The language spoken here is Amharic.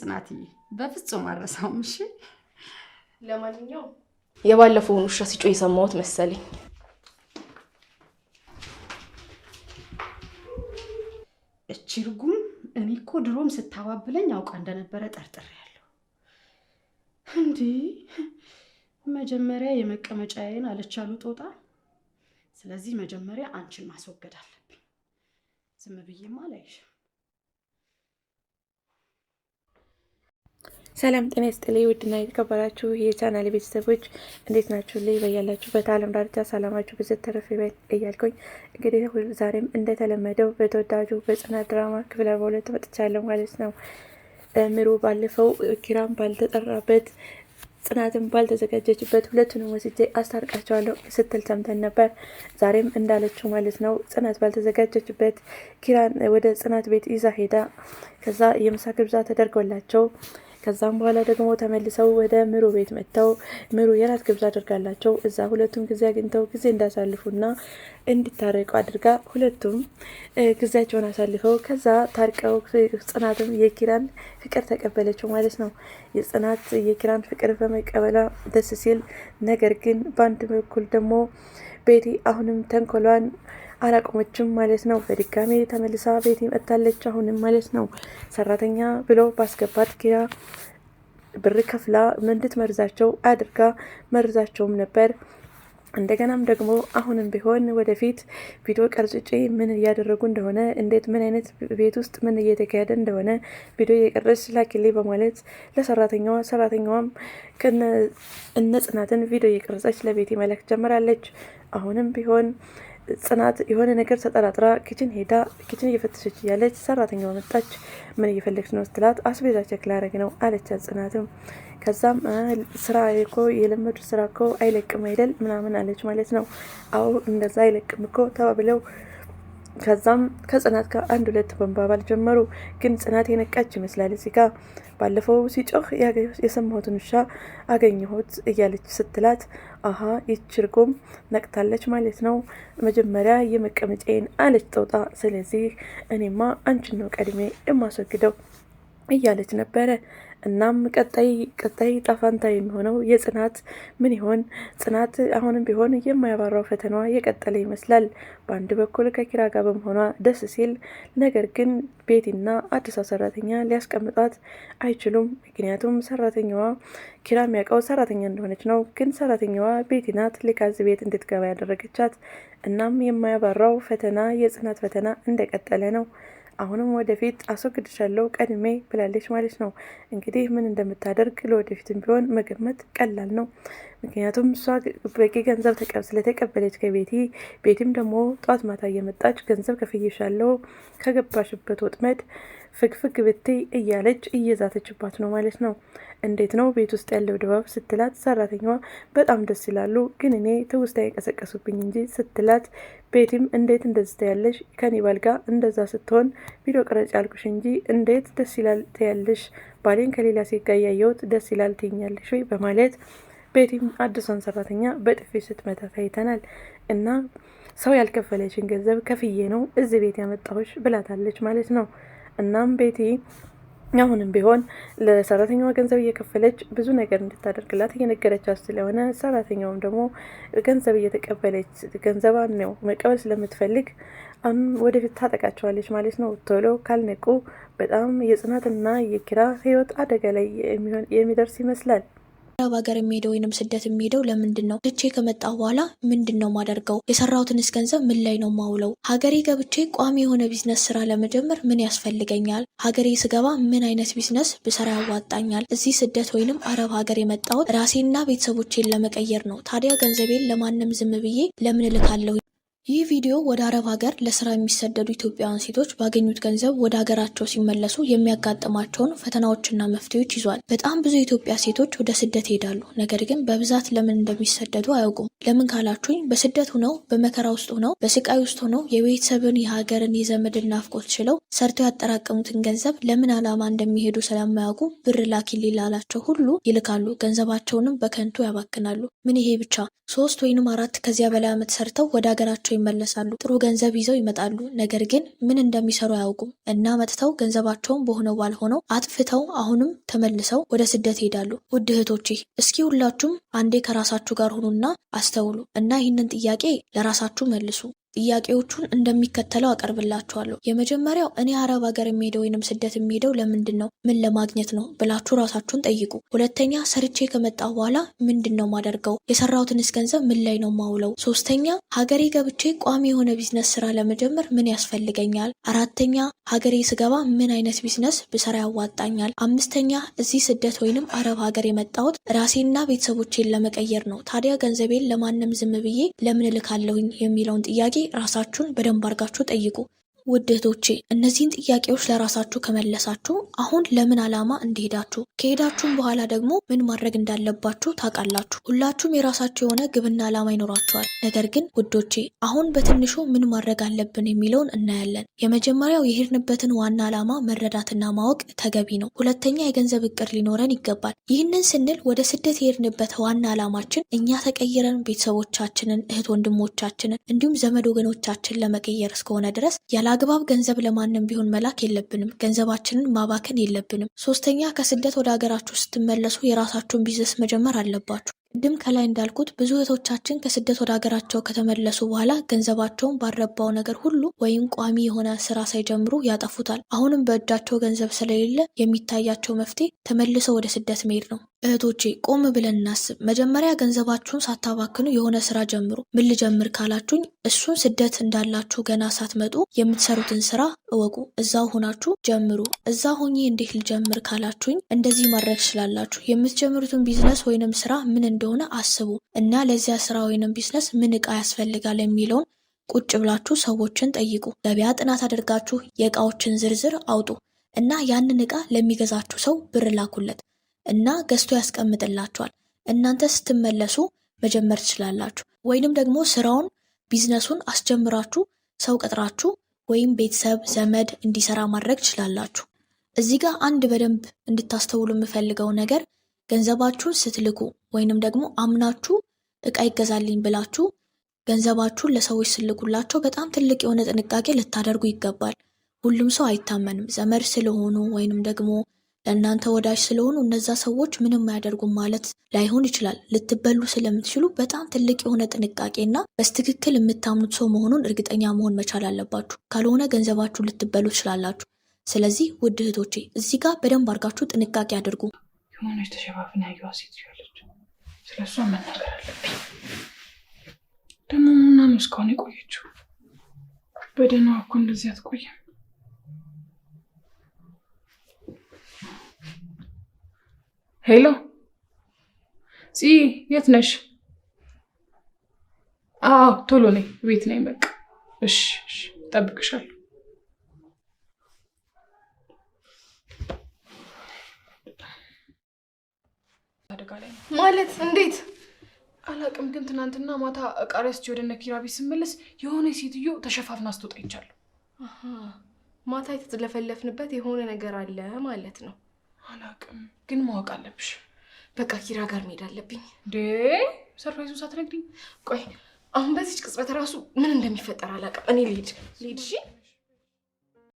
ጽናትዬ በፍጹም አረሳውም። እሺ፣ ለማንኛውም የባለፈውን ውሻ ሲጮ የሰማሁት መሰለኝ። እቺ ርጉም፣ እኔ እኮ ድሮም ስታባብለኝ አውቃ እንደነበረ ጠርጥሬያለሁ። እንዴ መጀመሪያ የመቀመጫዬን አለቻሉ ጦጣ። ስለዚህ መጀመሪያ አንቺን ማስወገድ አለብኝ። ዝም ብዬማ አላይሽ። ሰላም ጤና ይስጥልኝ። ውድና የተከበራችሁ የቻናል ቤተሰቦች እንዴት ናችሁ? ልይ በያላችሁበት ዓለም ዳርቻ ሰላማችሁ ብዙ ተረፍ ይበል እያልኩኝ እንግዲህ ዛሬም እንደተለመደው በተወዳጁ በጽናት ድራማ ክፍል አርባ ሁለት መጥቻለሁ ማለት ነው። ምሩ ባለፈው ኪራም ባልተጠራበት ጽናትን ባልተዘጋጀችበት ሁለቱንም ወስጄ አስታርቃቸዋለሁ ስትል ሰምተን ነበር። ዛሬም እንዳለችው ማለት ነው ጽናት ባልተዘጋጀችበት ኪራን ወደ ጽናት ቤት ይዛ ሄዳ ከዛ የምሳ ግብዣ ተደርጎላቸው ከዛም በኋላ ደግሞ ተመልሰው ወደ ምሩ ቤት መጥተው ምሩ የራት ግብዣ አድርጋላቸው እዛ ሁለቱም ጊዜ አግኝተው ጊዜ እንዳሳልፉና እንዲታረቁ አድርጋ ሁለቱም ጊዜያቸውን አሳልፈው ከዛ ታርቀው ጽናትም የኪራን ፍቅር ተቀበለችው ማለት ነው። የጽናት የኪራን ፍቅር በመቀበሏ ደስ ሲል፣ ነገር ግን በአንድ በኩል ደግሞ ቤቲ አሁንም ተንኮሏን አላቆመችም ማለት ነው። በድጋሜ ተመልሳ ቤቲ መጥታለች አሁንም ማለት ነው። ሰራተኛ ብሎ ባስገባት ኪራ ብር ከፍላ እንድትመርዛቸው አድርጋ መርዛቸውም ነበር። እንደገናም ደግሞ አሁንም ቢሆን ወደፊት ቪዲዮ ቀርጭጬ ምን እያደረጉ እንደሆነ እንዴት ምን አይነት ቤት ውስጥ ምን እየተካሄደ እንደሆነ ቪዲዮ እየቀረጽ ላኪሌ በማለት ለሰራተኛዋ ሰራተኛዋም ከነ ጽናትን ቪዲዮ እየቀረጸች ለቤት መላክ ጀምራለች። አሁንም ቢሆን ጽናት የሆነ ነገር ተጠራጥራ ኪችን ሄዳ ኪችን እየፈተሸች እያለች ሰራተኛ መጣች። ምን እየፈለግች ነው ስትላት አስቤዛ ቼክ ላረግ ነው አለቻት። ጽናትም ከዛም ስራ እኮ የለመዱ ስራ እኮ አይለቅም አይደል ምናምን አለች ማለት ነው። አዎ እንደዛ አይለቅም እኮ ተባብለው ከዛም ከጽናት ጋር አንድ ሁለት መንባባል ጀመሩ። ግን ጽናት የነቃች ይመስላል። እዚህ ጋ ባለፈው ሲጮህ የሰማሁትን ውሻ አገኘሁት እያለች ስትላት አሀ ይችርጉም ነቅታለች ማለት ነው። መጀመሪያ የመቀመጫዬን አለች ጦጣ። ስለዚህ እኔማ አንቺን ነው ቀድሜ የማስወግደው እያለች ነበረ። እናም ቀጣይ ቀጣይ የሚሆነው የጽናት ምን ይሆን? ጽናት አሁንም ቢሆን የማያባራው ፈተናዋ የቀጠለ ይመስላል። በአንድ በኩል ከኪራ ጋር በመሆኗ ደስ ሲል፣ ነገር ግን ቤቲና አዲሷ ሰራተኛ ሊያስቀምጧት አይችሉም። ምክንያቱም ሰራተኛዋ ኪራ የሚያውቀው ሰራተኛ እንደሆነች ነው። ግን ሰራተኛዋ ቤቲ ናት ሊካዝ ቤት እንድትገባ ያደረገቻት። እናም የማያባራው ፈተና የጽናት ፈተና እንደቀጠለ ነው። አሁንም ወደፊት አስወግድሻለሁ ቀድሜ ብላለች ማለት ነው። እንግዲህ ምን እንደምታደርግ ለወደፊትም ቢሆን መገመት ቀላል ነው። ምክንያቱም እሷ በቂ ገንዘብ ተቀብ ስለተቀበለች ከቤቲ ቤቲም ደግሞ ጠዋት ማታ እየመጣች ገንዘብ ከፍዬሻለሁ ከገባሽበት ወጥመድ ፍግፍግ ብትይ እያለች እየዛተችባት ነው ማለት ነው። እንዴት ነው ቤት ውስጥ ያለው ድባብ ስትላት፣ ሰራተኛዋ በጣም ደስ ይላሉ፣ ግን እኔ ትውስታ የቀሰቀሱብኝ እንጂ ስትላት፣ ቤቲም እንዴት እንደዚህ ትያለሽ? ከኔ ባል ጋር እንደዛ ስትሆን ቪዲዮ ቅረጭ ያልኩሽ እንጂ እንዴት ደስ ይላል ትያለሽ? ባሌን ከሌላ ሴት ጋር ያየሁት ደስ ይላል ትኛለሽ ወይ? በማለት ቤቲም አዲሷን ሰራተኛ በጥፊ ስትመታ ታይተናል እና ሰው ያልከፈለችን ገንዘብ ከፍዬ ነው እዚህ ቤት ያመጣሁሽ ብላታለች ማለት ነው። እናም ቤቲ አሁንም ቢሆን ለሰራተኛዋ ገንዘብ እየከፈለች ብዙ ነገር እንድታደርግላት እየነገረቻት ስለሆነ ሰራተኛውም ደግሞ ገንዘብ እየተቀበለች ገንዘባን ነው መቀበል ስለምትፈልግ አሁን ወደፊት ታጠቃቸዋለች ማለት ነው። ቶሎ ካልነቁ በጣም የጽናትና የኪራ ህይወት አደጋ ላይ የሚደርስ ይመስላል። አረብ ሀገር የሚሄደው ወይንም ስደት የሚሄደው ለምንድን ነው? ልቼ ከመጣ በኋላ ምንድን ነው ማደርገው? የሰራሁትንስ ገንዘብ ምን ላይ ነው ማውለው? ሀገሬ ገብቼ ቋሚ የሆነ ቢዝነስ ስራ ለመጀመር ምን ያስፈልገኛል? ሀገሬ ስገባ ምን አይነት ቢዝነስ ብሰራ ያዋጣኛል? እዚህ ስደት ወይንም አረብ ሀገር የመጣሁት ራሴና ቤተሰቦቼን ለመቀየር ነው። ታዲያ ገንዘቤን ለማንም ዝም ብዬ ለምን እልካለሁ? ይህ ቪዲዮ ወደ አረብ ሀገር ለስራ የሚሰደዱ ኢትዮጵያውያን ሴቶች ባገኙት ገንዘብ ወደ ሀገራቸው ሲመለሱ የሚያጋጥማቸውን ፈተናዎችና መፍትሄዎች ይዟል። በጣም ብዙ የኢትዮጵያ ሴቶች ወደ ስደት ይሄዳሉ፣ ነገር ግን በብዛት ለምን እንደሚሰደዱ አያውቁም። ለምን ካላችሁኝ በስደት ሆነው በመከራ ውስጥ ሆነው በስቃይ ውስጥ ሆነው የቤተሰብን፣ የሀገርን፣ የዘመድን ናፍቆት ችለው ሰርተው ያጠራቀሙትን ገንዘብ ለምን ዓላማ እንደሚሄዱ ስለማያውቁ ብር ላኪ ሊላላቸው ሁሉ ይልካሉ፣ ገንዘባቸውንም በከንቱ ያባክናሉ። ምን ይሄ ብቻ ሶስት ወይንም አራት ከዚያ በላይ ዓመት ሰርተው ወደ ሀገራቸው ይመለሳሉ። ጥሩ ገንዘብ ይዘው ይመጣሉ። ነገር ግን ምን እንደሚሰሩ አያውቁም እና መጥተው ገንዘባቸውን በሆነ ባልሆነው አጥፍተው አሁንም ተመልሰው ወደ ስደት ይሄዳሉ። ውድ እህቶቼ እስኪ ሁላችሁም አንዴ ከራሳችሁ ጋር ሁኑና አስተውሉ እና ይህንን ጥያቄ ለራሳችሁ መልሱ። ጥያቄዎቹን እንደሚከተለው አቀርብላችኋለሁ። የመጀመሪያው እኔ አረብ ሀገር የሚሄደው ወይንም ስደት የሚሄደው ለምንድን ነው? ምን ለማግኘት ነው ብላችሁ ራሳችሁን ጠይቁ። ሁለተኛ ሰርቼ ከመጣ በኋላ ምንድን ነው ማደርገው? የሰራሁትንስ ገንዘብ ምን ላይ ነው ማውለው? ሶስተኛ ሀገሬ ገብቼ ቋሚ የሆነ ቢዝነስ ስራ ለመጀመር ምን ያስፈልገኛል? አራተኛ ሀገሬ ስገባ ምን አይነት ቢዝነስ ብሰራ ያዋጣኛል? አምስተኛ እዚህ ስደት ወይንም አረብ ሀገር የመጣሁት ራሴና ቤተሰቦቼን ለመቀየር ነው። ታዲያ ገንዘቤን ለማንም ዝም ብዬ ለምን እልካለሁኝ የሚለውን ጥያቄ ራሳችሁን በደንብ አድርጋችሁ ጠይቁ። ውድ እነዚህን ጥያቄዎች ለራሳችሁ ከመለሳችሁ አሁን ለምን ዓላማ እንደሄዳችሁ ከሄዳችሁም በኋላ ደግሞ ምን ማድረግ እንዳለባችሁ ታውቃላችሁ። ሁላችሁም የራሳችሁ የሆነ ግብና ዓላማ ይኖራችኋል። ነገር ግን ውዶቼ አሁን በትንሹ ምን ማድረግ አለብን የሚለውን እናያለን። የመጀመሪያው የሄድንበትን ዋና ዓላማ መረዳትና ማወቅ ተገቢ ነው። ሁለተኛ የገንዘብ እቅድ ሊኖረን ይገባል። ይህንን ስንል ወደ ስደት የሄድንበት ዋና ዓላማችን እኛ ተቀይረን ቤተሰቦቻችንን፣ እህት ወንድሞቻችንን እንዲሁም ዘመድ ወገኖቻችን ለመቀየር እስከሆነ ድረስ ያላ አላግባብ ገንዘብ ለማንም ቢሆን መላክ የለብንም። ገንዘባችንን ማባከን የለብንም። ሶስተኛ ከስደት ወደ ሀገራችሁ ስትመለሱ የራሳችሁን ቢዝነስ መጀመር አለባችሁ። ቅድም ከላይ እንዳልኩት ብዙ እህቶቻችን ከስደት ወደ ሀገራቸው ከተመለሱ በኋላ ገንዘባቸውን ባረባው ነገር ሁሉ ወይም ቋሚ የሆነ ስራ ሳይጀምሩ ያጠፉታል። አሁንም በእጃቸው ገንዘብ ስለሌለ የሚታያቸው መፍትሄ ተመልሰው ወደ ስደት መሄድ ነው። እህቶቼ ቆም ብለን እናስብ። መጀመሪያ ገንዘባችሁን ሳታባክኑ የሆነ ስራ ጀምሩ። ምን ልጀምር ካላችሁኝ እሱን ስደት እንዳላችሁ ገና ሳትመጡ የምትሰሩትን ስራ እወቁ። እዛው ሆናችሁ ጀምሩ። እዛ ሆኜ እንዴት ልጀምር ካላችሁኝ እንደዚህ ማድረግ ስላላችሁ የምትጀምሩትን ቢዝነስ ወይንም ስራ ምን እንደሆነ አስቡ እና ለዚያ ስራ ወይንም ቢዝነስ ምን እቃ ያስፈልጋል የሚለውን ቁጭ ብላችሁ ሰዎችን ጠይቁ። ገበያ ጥናት አድርጋችሁ የእቃዎችን ዝርዝር አውጡ እና ያንን እቃ ለሚገዛችሁ ሰው ብር ላኩለት። እና ገዝቶ ያስቀምጥላችኋል። እናንተ ስትመለሱ መጀመር ትችላላችሁ። ወይንም ደግሞ ስራውን ቢዝነሱን አስጀምራችሁ ሰው ቀጥራችሁ ወይም ቤተሰብ ዘመድ እንዲሰራ ማድረግ ትችላላችሁ። እዚህ ጋር አንድ በደንብ እንድታስተውሉ የምፈልገው ነገር ገንዘባችሁን ስትልኩ ወይንም ደግሞ አምናችሁ እቃ ይገዛልኝ ብላችሁ ገንዘባችሁን ለሰዎች ስልኩላቸው በጣም ትልቅ የሆነ ጥንቃቄ ልታደርጉ ይገባል። ሁሉም ሰው አይታመንም። ዘመድ ስለሆኑ ወይንም ደግሞ ለእናንተ ወዳጅ ስለሆኑ እነዛ ሰዎች ምንም አያደርጉም ማለት ላይሆን ይችላል። ልትበሉ ስለምትችሉ በጣም ትልቅ የሆነ ጥንቃቄና በስትክክል የምታምኑት ሰው መሆኑን እርግጠኛ መሆን መቻል አለባችሁ። ካልሆነ ገንዘባችሁ ልትበሉ ትችላላችሁ። ስለዚህ ውድ እህቶቼ እዚህ ጋር በደንብ አድርጋችሁ ጥንቃቄ አድርጉ። የሆነች ተሸፋፍን ያየዋ ሴት ያለች ስለሷ መናገር አለብኝ። ደግሞ ምናምን እስካሁን የቆየችው በደህናዋ እኮ እንደዚህ አትቆይም። ሄሎ ፂ፣ የት ነሽ? አዎ ቶሎ ነኝ፣ ቤት ነኝ። በቃ እሺ፣ እሺ፣ እጠብቅሻለሁ። ማለት እንዴት አላቅም፣ ግን ትናንትና ማታ ዕቃ ረስቼ ወደ እነ ኪራ ቤት ስመለስ የሆነ ሴትዮ ተሸፋፍና ስትወጣ ይቻለሁ። ማታ የተለፈለፍንበት የሆነ ነገር አለ ማለት ነው። አላቅም፣ ግን ማወቅ አለብሽ። በቃ ኪራ ጋር መሄድ አለብኝ። ዴ ሰርፕራይዙ ሳትነግሪኝ ቆይ። አሁን በዚች ቅጽበት ራሱ ምን እንደሚፈጠር አላቅም። እኔ ልሂድ ልሂድ። እሺ